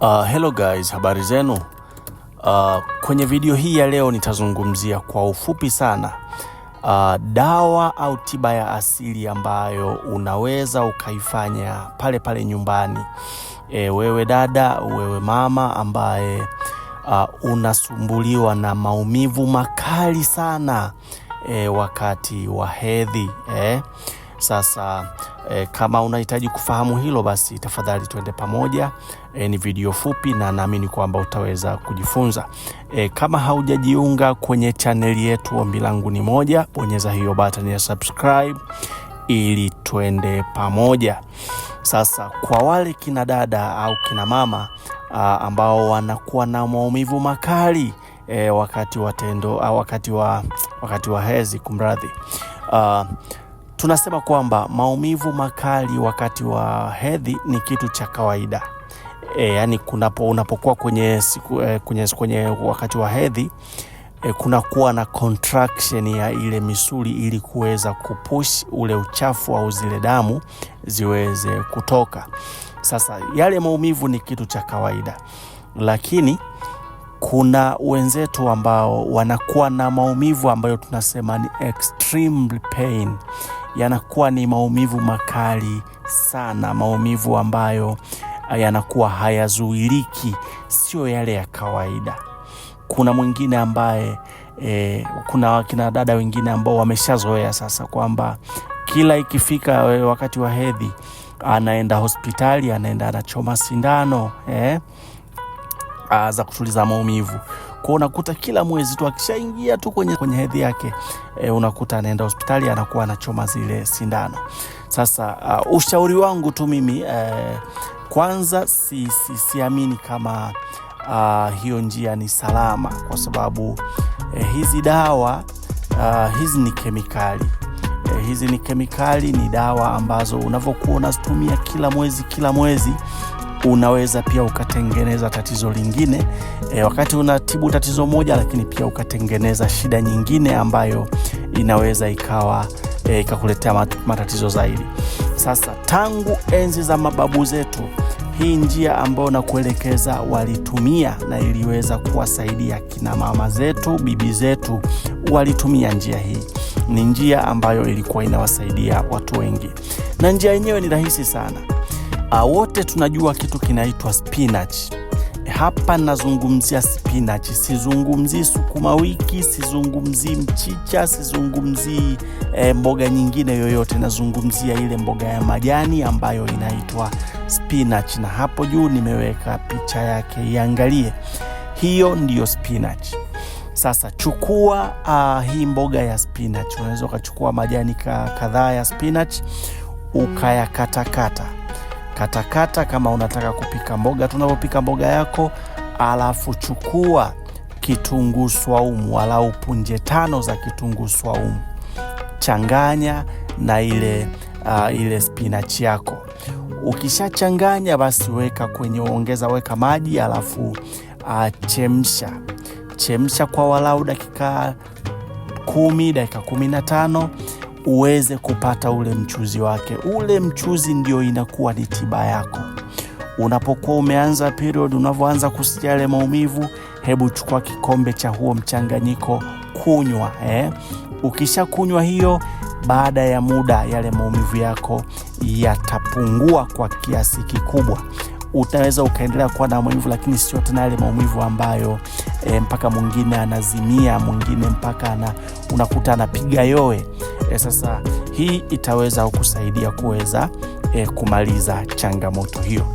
Uh, hello guys, habari zenu. Uh, kwenye video hii ya leo nitazungumzia kwa ufupi sana uh, dawa au tiba ya asili ambayo unaweza ukaifanya pale pale nyumbani. E, wewe dada, wewe mama ambaye uh, unasumbuliwa na maumivu makali sana e, wakati wa hedhi eh? Sasa E, kama unahitaji kufahamu hilo basi tafadhali tuende pamoja. E, ni video fupi na naamini kwamba utaweza kujifunza. E, kama haujajiunga kwenye chaneli yetu Ombi Langu Ni Moja, bonyeza hiyo button ya subscribe ili twende pamoja. Sasa kwa wale kina dada au kina mama a, ah, ambao wanakuwa na maumivu makali e, wakati wa tendo, au ah, wakati wa, wakati wa hezi, kumradhi ah, Tunasema kwamba maumivu makali wakati wa hedhi ni kitu cha kawaida. E, yani kunapo, unapokuwa kwenye, e, kwenye, kwenye wakati wa hedhi e, kunakuwa na contraction ya ile misuli ili kuweza kupush ule uchafu au zile damu ziweze kutoka. Sasa yale maumivu ni kitu cha kawaida, lakini kuna wenzetu ambao wanakuwa na maumivu ambayo tunasema ni extreme pain yanakuwa ni maumivu makali sana, maumivu ambayo yanakuwa hayazuiliki, sio yale ya kawaida. Kuna mwingine ambaye e, kuna wakina dada wengine ambao wameshazoea sasa kwamba kila ikifika wakati wa hedhi anaenda hospitali, anaenda anachoma sindano eh uh, za kutuliza maumivu. kwao. unakuta kila mwezi tu akishaingia tu kwenye, kwenye hedhi yake e, unakuta anaenda hospitali anakuwa anachoma zile sindano. Sasa uh, ushauri wangu tu mimi eh, kwanza si, si, siamini kama uh, hiyo njia ni salama kwa sababu eh, hizi dawa uh, hizi ni kemikali eh, hizi ni kemikali, ni dawa ambazo unavyokuwa unazitumia kila mwezi kila mwezi unaweza pia ukatengeneza tatizo lingine e, wakati unatibu tatizo moja, lakini pia ukatengeneza shida nyingine ambayo inaweza ikawa e, ikakuletea matatizo zaidi. Sasa tangu enzi za mababu zetu hii njia ambayo nakuelekeza walitumia na iliweza kuwasaidia kina mama zetu, bibi zetu, walitumia njia hii. Ni njia ambayo ilikuwa inawasaidia watu wengi, na njia yenyewe ni rahisi sana. Ah, wote tunajua kitu kinaitwa spinach. Eh, hapa nazungumzia spinach, sizungumzii sukuma wiki, sizungumzii mchicha, sizungumzii e, mboga nyingine yoyote. Nazungumzia ile mboga ya majani ambayo inaitwa spinach, na hapo juu nimeweka picha yake, iangalie. Hiyo ndiyo spinach. Sasa chukua uh, hii mboga ya spinach. Unaweza ukachukua majani kadhaa ya spinach ukayakatakata katakata kata, kama unataka kupika mboga tunavyopika mboga yako, alafu chukua kitunguu swaumu walau punje tano za kitunguu swaumu, changanya na ile, uh, ile spinach yako. Ukishachanganya basi weka kwenye ongeza, weka maji alafu uh, chemsha chemsha kwa walau dakika kumi dakika kumi na tano uweze kupata ule mchuzi wake. Ule mchuzi ndio inakuwa ni tiba yako. Unapokuwa umeanza period, unavyoanza kusikia yale maumivu, hebu chukua kikombe cha huo mchanganyiko, kunywa eh. Ukisha kunywa hiyo, baada ya muda yale maumivu yako yatapungua kwa kiasi kikubwa. Utaweza ukaendelea kuwa na maumivu, lakini sio tena yale maumivu ambayo e, mpaka mwingine anazimia, mwingine mpaka ana, unakuta anapiga yowe. E, sasa hii itaweza kusaidia kuweza e, kumaliza changamoto hiyo.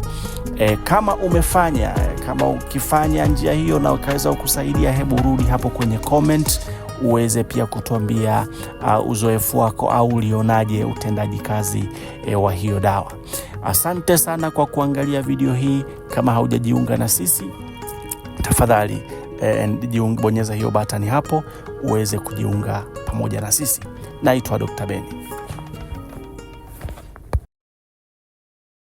E, kama umefanya kama ukifanya njia hiyo na ukaweza kusaidia, hebu rudi hapo kwenye comment uweze pia kutuambia uh, uzoefu wako au ulionaje utendaji kazi e, wa hiyo dawa. Asante sana kwa kuangalia video hii. Kama haujajiunga na sisi, tafadhali Eh, bonyeza hiyo batani hapo uweze kujiunga pamoja na sisi. Naitwa Dr. Beni.